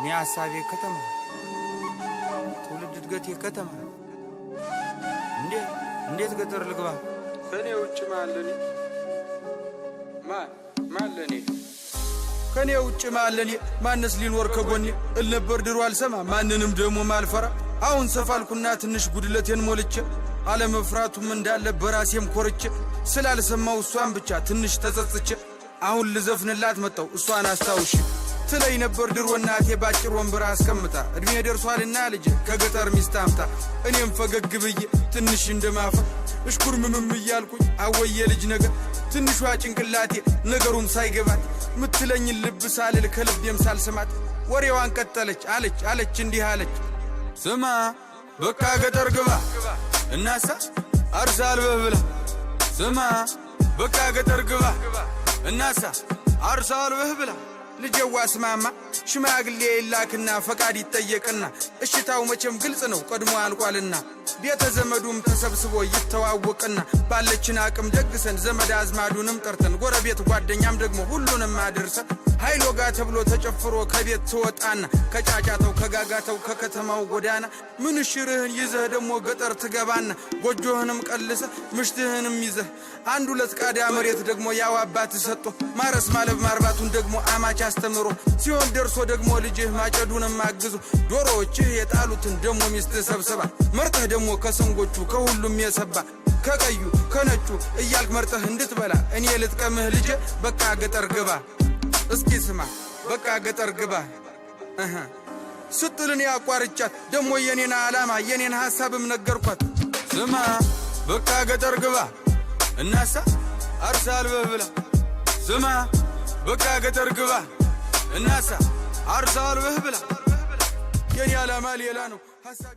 እኔ ሀሳቤ ከተማ፣ ትውልድ እድገቴ ከተማ። እንዴት ገጠር ልግባ? ከኔ ውጭ ማለኔ ማለኒ ከኔ ውጭ ማለኒ ማነስ ሊኖር ከጎኔ? እልነበር ድሮ አልሰማ ማንንም ደግሞ ማልፈራ አሁን ሰፋልኩና ትንሽ ጉድለቴን ሞልቼ አለመፍራቱም እንዳለ በራሴም ኮርቼ ስላልሰማው እሷን ብቻ ትንሽ ተጸጽቼ አሁን ልዘፍንላት መጣው እሷን አስታውሽ ትለይ ነበር ድሮ እናቴ ባጭር ወንበር አስቀምጣ እድሜ ደርሷልና ልጅ ከገጠር ሚስት አምጣ እኔም ፈገግ ብዬ ትንሽ እንደማፈ ምምም እያልኩኝ አወየ ልጅ ነገር ትንሿ ጭንቅላቴ ነገሩም ሳይገባት ምትለኝን ልብ ሳልል ከልቤም ሳልስማት ወሬዋን ቀጠለች አለች አለች እንዲህ አለች ስማ በቃ ገጠር ግባ እናሳ አርሳ አልበህ ብላ ስማ በቃ ገጠር ግባ እናሳ አርሳ አልበህ ብላ ልጀዋ አስማማ ሽማግሌ ይላክና ፈቃድ ይጠየቅና እሽታው መቼም ግልጽ ነው ቀድሞ አልቋልና ቤተ ዘመዱም ተሰብስቦ ይተዋወቅና ባለችን አቅም ደግሰን ዘመድ አዝማዱንም ጠርተን ጎረቤት ጓደኛም ደግሞ ሁሉንም አድርሰን ሀይሎጋ ተብሎ ተጨፍሮ ከቤት ትወጣና ከጫጫተው ከጋጋተው ከከተማው ጎዳና ምንሽርህን ይዘህ ደግሞ ገጠር ትገባና ጎጆህንም ቀልሰ ምሽትህንም ይዘህ አንድ ሁለት ቃዳ መሬት ደግሞ ያው አባት ሰጦ ማረስ ማለብ ማርባቱን ደግሞ አማች አስተምሮ ሲሆን ደርሶ ደግሞ ልጅህ ማጨዱንም አግዞ ዶሮዎችህ የጣሉትን ደግሞ ሚስት ሰብስባ መርጠህ ደግሞ ከሰንጎቹ ከሁሉም የሰባ ከቀዩ ከነጩ እያልክ መርጠህ እንድትበላ እኔ ልጥቀምህ ልጄ በቃ ገጠር ግባ። እስኪ ስማ በቃ ገጠር ግባ ስትልን ያቋርጫት ደሞ የኔን ዓላማ የኔን ሐሳብም ነገርኳት። ስማ በቃ ገጠር ግባ እናሳ አርሳ አልበህ ብላ ስማ በቃ ገጠር ግባ እናሳ አርሳ አልበህ ብላ የኔ ዓላማ ሌላ ነው።